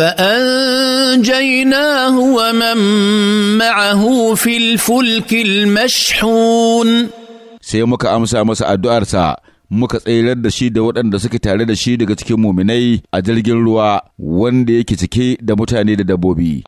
فانجيناه ومن معه في الفلك المشحون sai muka amsa masa addu'arsa muka tsayar da shi da waɗanda suke tare da shi daga cikin muminai a jirgin ruwa wanda yake cike da mutane da dabbobi